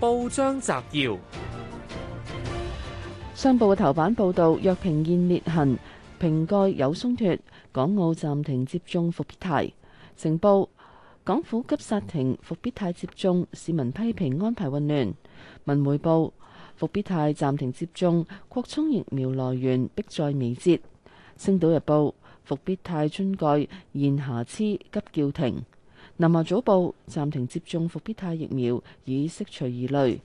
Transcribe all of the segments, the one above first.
報章摘要：商報嘅頭版報道，藥瓶現裂痕，瓶蓋有鬆脫，港澳暫停接種復必泰。成報，港府急剎停復必泰接種，市民批評安排混亂。文匯報，復必泰暫停接種，擴充疫苗來源迫在眉睫。星島日報，復必泰樽蓋現瑕疵，急叫停。南華早報，暫停接種復必泰疫苗，以釋除疑慮。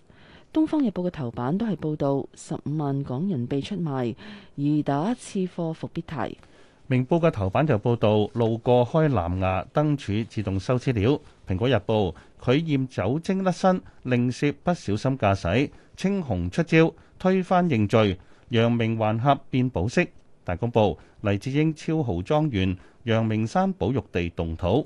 東方日報嘅頭版都係報道十五萬港人被出賣，疑打次貨復必泰。明報嘅頭版就報道路過開藍牙燈柱自動收資料。蘋果日報拒驗酒精甩身，另涉不小心駕駛。青紅出招推翻認罪，楊明還客變保釋。大公報黎智英超豪莊園，楊明山保育地動土。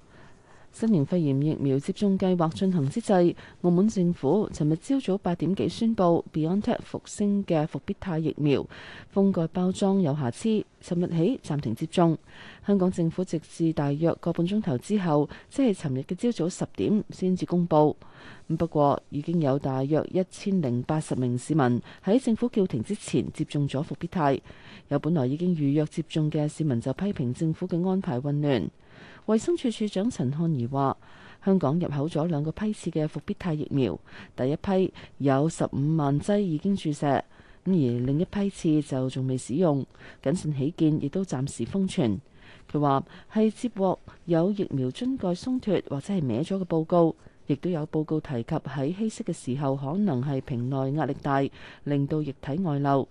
新型肺炎疫苗接種計劃進行之際，澳門政府尋日朝早八點幾宣布，BioNTech 復星嘅復必泰疫苗封蓋包裝有瑕疵，尋日起暫停接種。香港政府直至大約個半鐘頭之後，即係尋日嘅朝早十點先至公佈。不過已經有大約一千零八十名市民喺政府叫停之前接種咗復必泰，有本來已經預約接種嘅市民就批評政府嘅安排混亂。衛生署署長陳漢儀話，香港入口咗兩個批次嘅復必泰疫苗，第一批有十五萬劑已經注射，咁而另一批次就仲未使用。謹慎起見，亦都暫時封存。佢話係接獲有疫苗樽蓋鬆脫或者係歪咗嘅報告，亦都有報告提及喺稀釋嘅時候可能係瓶內壓力大，令到液體外漏。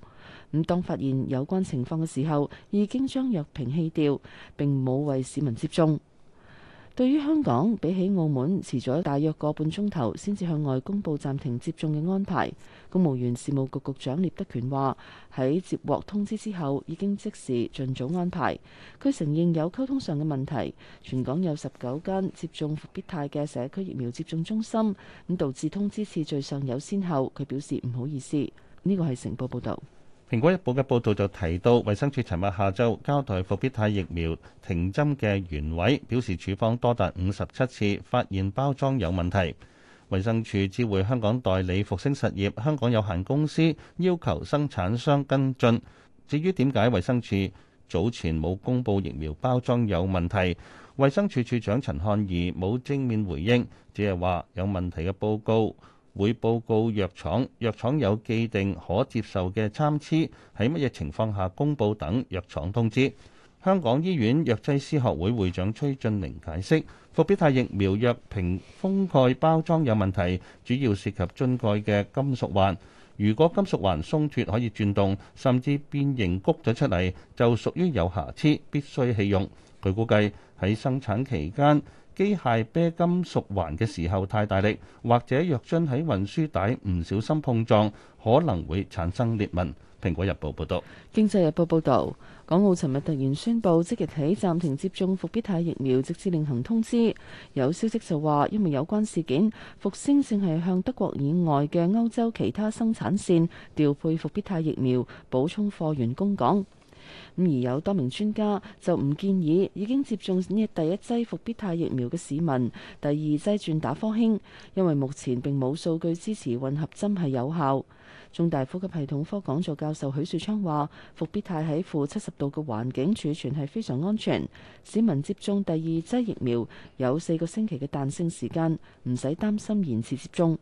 咁當發現有關情況嘅時候，已經將藥瓶棄掉，並冇為市民接種。對於香港，比起澳門遲咗大約個半鐘頭先至向外公佈暫停接種嘅安排。公務員事務局局長聶德權話：喺接獲通知之後，已經即時盡早安排。佢承認有溝通上嘅問題。全港有十九間接種復必泰嘅社區疫苗接種中心，咁導致通知次序上有先後。佢表示唔好意思。呢個係成報報導。《蘋果日報》嘅報導就提到，衞生署尋日下晝交代復必泰疫苗停針嘅原委，表示處方多達五十七次，發現包裝有問題。衞生署知會香港代理復星實業香港有限公司，要求生產商跟進。至於點解衞生署早前冇公布疫苗包裝有問題，衞生署署長陳漢儀冇正面回應，只係話有問題嘅報告，會報告藥廠，藥廠有既定可接受嘅參差，喺乜嘢情況下公佈等藥廠通知。香港醫院藥劑師學會會長崔俊明解釋，復必泰疫苗藥瓶封蓋包裝有問題，主要涉及樽蓋嘅金屬環。如果金屬環鬆脱可以轉動，甚至變形谷咗出嚟，就屬於有瑕疵，必須棄用。佢估計喺生產期間，機械啤金屬環嘅時候太大力，或者藥樽喺運輸帶唔小心碰撞，可能會產生裂紋。蘋果日報報道，經濟日報報道，港澳尋日突然宣布即日起暫停接種復必泰疫苗，直至另行通知。有消息就話，因為有關事件，復星正係向德國以外嘅歐洲其他生產線調配復必泰疫苗，補充貨源供港。咁而有多名專家就唔建議已經接種呢第一劑復必泰疫苗嘅市民，第二劑轉打科興，因為目前並冇數據支持混合針係有效。中大呼吸系統科講座教授許樹昌話：復必泰喺負七十度嘅環境儲存係非常安全。市民接種第二劑疫苗有四個星期嘅彈性時間，唔使擔心延遲接種。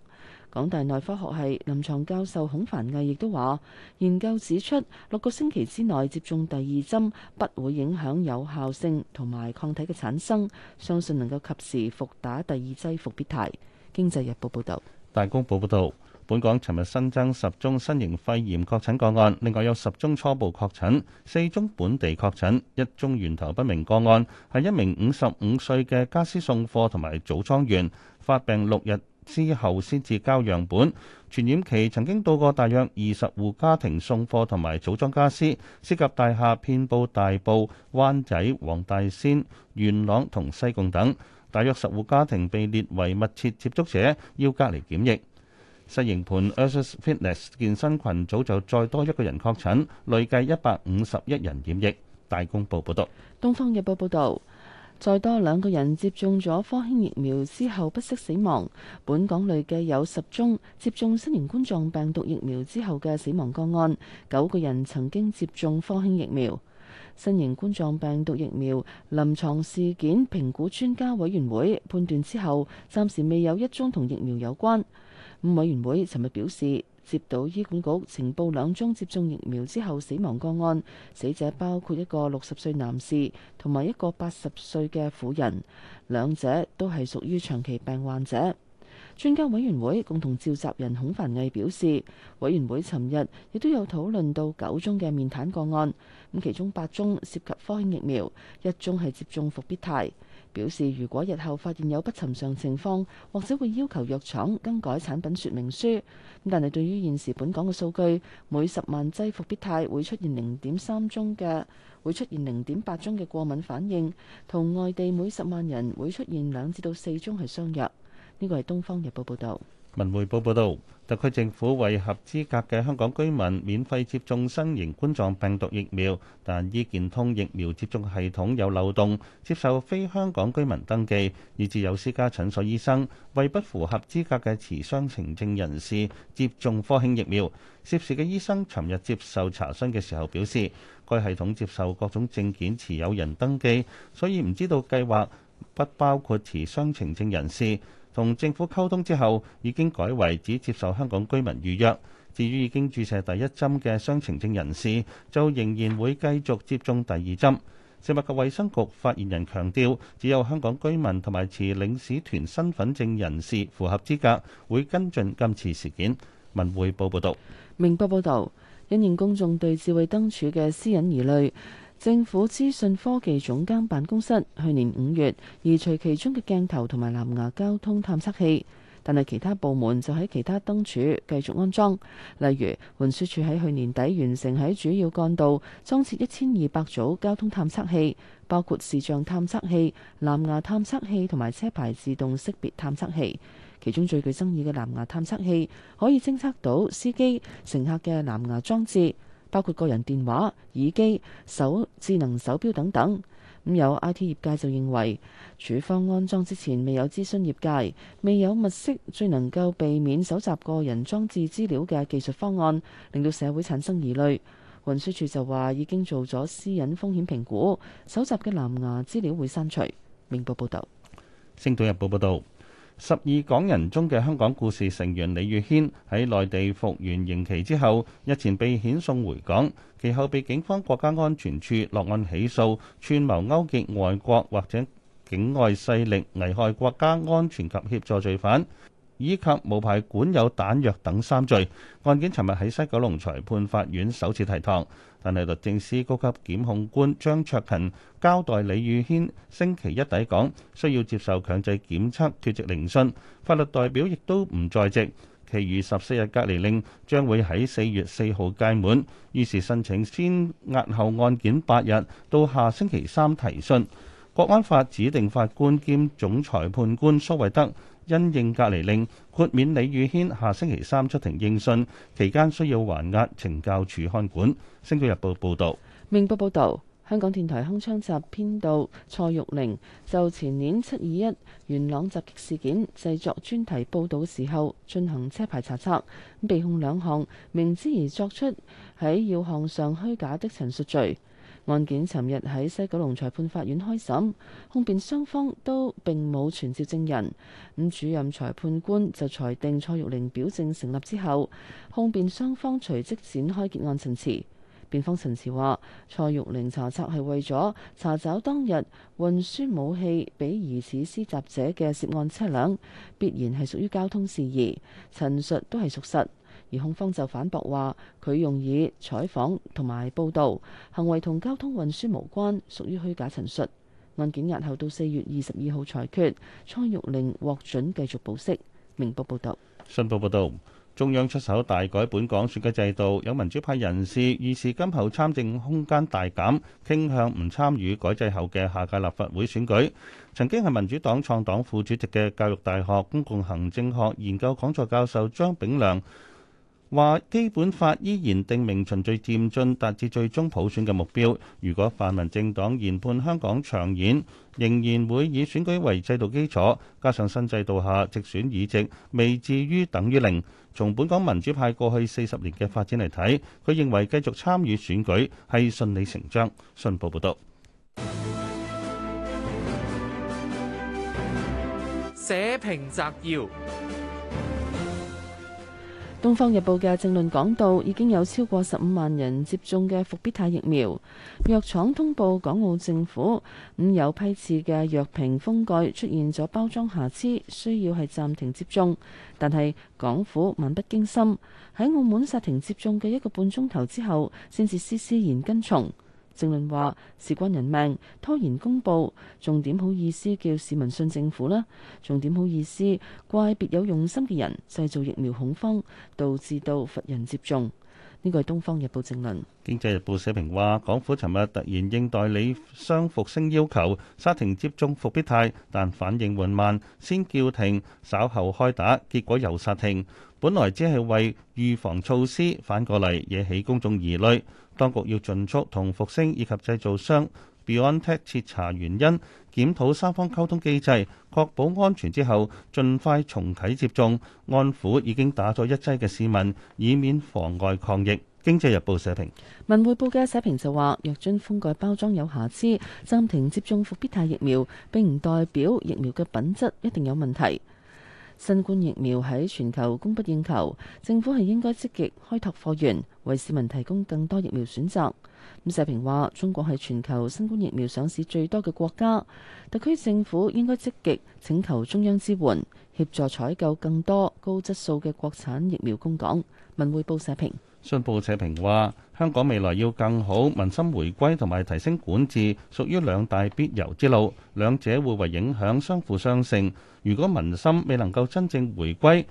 港大內科學系臨床教授孔凡毅亦都話：研究指出六個星期之內接種第二針不會影響有效性同埋抗體嘅產生，相信能夠及時復打第二劑復必泰。經濟日報報導。大公報報導，本港尋日新增十宗新型肺炎確診個案，另外有十宗初步確診，四宗本地確診，一宗源頭不明個案，係一名五十五歲嘅家私送貨同埋組裝員，發病六日之後先至交樣本，傳染期曾經到過大約二十戶家庭送貨同埋組裝家私，涉及大廈遍佈大埔、灣仔、黃大仙、元朗同西貢等。大約十戶家庭被列為密切接觸者，要隔離檢疫。西營盤 Ursus Fitness 健身群組就再多一個人確診，累計一百五十一人檢疫。大公報報道，《東方日報》報道：「再多兩個人接種咗科興疫苗之後不適死亡。本港累計有十宗接種新型冠狀病毒疫苗之後嘅死亡個案，九個人曾經接種科興疫苗。新型冠狀病毒疫苗臨床事件評估專家委員會判斷之後，暫時未有一宗同疫苗有關。咁委員會尋日表示，接到醫管局情報兩宗接種疫苗之後死亡個案，死者包括一個六十歲男士同埋一個八十歲嘅婦人，兩者都係屬於長期病患者。專家委員會共同召集人孔凡毅表示，委員會尋日亦都有討論到九宗嘅面癱個案，咁其中八宗涉及科興疫苗，一宗係接種復必泰。表示如果日後發現有不尋常情況，或者會要求藥廠更改產品說明書。但係對於現時本港嘅數據，每十萬劑復必泰會出現零點三宗嘅會出現零點八宗嘅過敏反應，同外地每十萬人會出現兩至到四宗係相若。呢個係《東方日報》報導，《文匯報》報導，特區政府為合資格嘅香港居民免費接種新型冠狀病毒疫苗，但醫健通疫苗接種系統有漏洞，接受非香港居民登記，以至有私家診所醫生為不符合資格嘅持雙程證人士接種科興疫苗。涉事嘅醫生尋日接受查詢嘅時候表示，該系統接受各種證件持有人登記，所以唔知道計劃不包括持雙程證人士。同政府溝通之後，已經改為只接受香港居民預約。至於已經注射第一針嘅雙程證人士，就仍然會繼續接種第二針。食物及衛生局發言人強調，只有香港居民同埋持領事團身份證人士符合資格，會跟進今次事件。文匯報報道，明報報道，因應公眾對智慧燈柱嘅私隱疑慮。政府資訊科技總監辦公室去年五月移除其中嘅鏡頭同埋藍牙交通探測器，但係其他部門就喺其他燈柱繼續安裝。例如，運輸署喺去年底完成喺主要幹道裝設一千二百組交通探測器，包括視像探測器、藍牙探測器同埋車牌自動識別探測器。其中最具爭議嘅藍牙探測器可以偵測到司機乘客嘅藍牙裝置。包括個人電話、耳機、手智能手錶等等。咁有 I T 業界就認為，處方安裝之前未有諮詢業界，未有物色最能夠避免搜集個人裝置資料嘅技術方案，令到社會產生疑慮。運輸處就話已經做咗私隱風險評估，搜集嘅藍牙資料會刪除。明報報導，《星島日報》報道。十二港人中嘅香港故事成員李月軒喺內地服完刑期之後，日前被遣送回港，其後被警方國家安全處落案起訴，串謀勾結外國或者境外勢力危害國家安全及協助罪犯。以及無牌管有彈藥等三罪，案件尋日喺西九龍裁判法院首次提堂，但係律政司高級檢控官張卓勤交代李宇軒星期一抵港，需要接受強制檢測缺席聆訊，法律代表亦都唔在席，其餘十四日隔離令將會喺四月四號屆滿，於是申請先押後案件八日，到下星期三提訊。國安法指定法官兼總裁判官蘇惠德因應隔離令豁免李宇軒下星期三出庭應訊，期間需要還押懲教署看管。星島日報報道，明報報道，香港電台鏗鏘集編導蔡玉玲就前年七二一元朗襲擊事件製作專題報道時候進行車牌查冊，被控兩項明知而作出喺要項上虛假的陳述罪。案件尋日喺西九龍裁判法院開審，控辯雙方都並冇傳召證人。咁主任裁判官就裁定蔡玉玲表證成立之後，控辯雙方隨即展開結案陳詞。辯方陳詞話：蔡玉玲查冊係為咗查找當日運輸武器俾疑似施襲者嘅涉案車輛，必然係屬於交通事宜，陳述都係屬實。而控方就反駁話：佢用以採訪同埋報導行為同交通運輸無關，屬於虛假陳述。案件押後到四月二十二號裁決。蔡玉玲獲准繼續保釋。明報報導，信報報導，中央出手大改本港選舉制度，有民主派人士預示今後參政空間大減，傾向唔參與改制後嘅下屆立法會選舉。曾經係民主黨創黨副主席嘅教育大學公共行政學研究講座教授張炳良。話基本法依然定明循序漸進達至最終普選嘅目標。如果泛民政黨研判香港長遠，仍然會以選舉為制度基礎。加上新制度下直選議席未至於等於零。從本港民主派過去四十年嘅發展嚟睇，佢認為繼續參與選舉係順理成章。信報報道社評摘要。《東方日報》嘅政論講到，已經有超過十五萬人接種嘅復必泰疫苗，藥廠通報港澳政府，咁有批次嘅藥瓶封蓋出現咗包裝瑕疵，需要係暫停接種。但係港府漫不經心，喺澳門煞停接種嘅一個半鐘頭之後，先至施施然跟從。政論話：事關人命，拖延公佈，重點好意思叫市民信政府啦，重點好意思怪別有用心嘅人製造疫苗恐慌，導致到罰人接種。呢個係《東方日報》政論，《經濟日報》社評話：港府尋日突然應代理商復星要求，殺停接種復必泰，但反應緩慢，先叫停，稍後開打，結果又殺停。本來只係為預防措施，反過嚟惹起公眾疑慮。當局要盡速同復星以及製造商 BioNTech 徹查原因，檢討三方溝通機制，確保安全之後，盡快重啟接種，安撫已經打咗一劑嘅市民，以免妨礙抗疫。經濟日報社評。文匯報嘅社評就話：藥樽封蓋包裝有瑕疵，暫停接種復必泰疫苗，並唔代表疫苗嘅品質一定有問題。新冠疫苗喺全球供不應求，政府係應該積極開拓貨源，為市民提供更多疫苗選擇。咁社評話，中國係全球新冠疫苗上市最多嘅國家，特區政府應該積極請求中央支援，協助採購更多高質素嘅國產疫苗供港。文匯報社評。信報社評話：香港未來要更好，民心回歸同埋提升管治屬於兩大必由之路，兩者互為影響，相輔相成。如果民心未能夠真正回歸，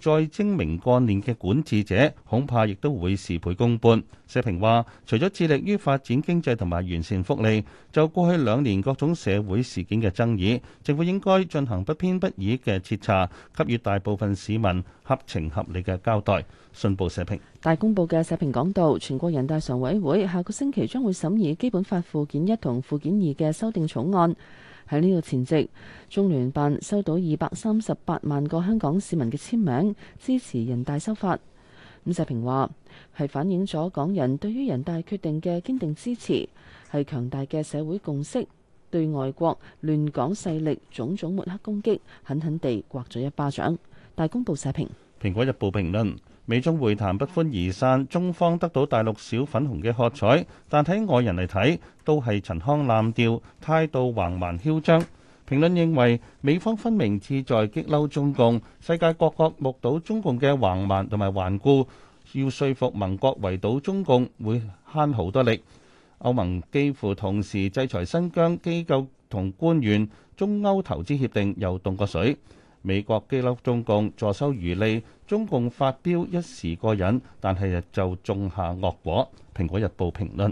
再精明幹練嘅管治者，恐怕亦都會事倍功半。社評話：除咗致力於發展經濟同埋完善福利，就過去兩年各種社會事件嘅爭議，政府應該進行不偏不倚嘅徹查，給予大部分市民合情合理嘅交代。信報社評。大公報嘅社評講到，全國人大常委會下個星期將會審議基本法附件一同附件二嘅修訂草案。喺呢個前夕，中聯辦收到二百三十八萬個香港市民嘅簽名支持人大修法。咁社評話係反映咗港人對於人大決定嘅堅定支持，係強大嘅社會共識，對外國亂港勢力種種抹黑攻擊，狠狠地刮咗一巴掌。大公報社評，《蘋果日報》評論。美中會談不歡而散，中方得到大陸小粉紅嘅喝彩，但喺外人嚟睇都係陳腔濫調，態度橫蠻囂張。評論認為美方分明志在激嬲中共，世界各國目睹中共嘅橫蠻同埋頑固，要說服盟國圍堵中共會慳好多力。歐盟幾乎同時制裁新疆機構同官員，中歐投資協定又凍過水。美國激嬲中共坐收漁利，中共發飆一時過癮，但係就種下惡果。《蘋果日報》評論。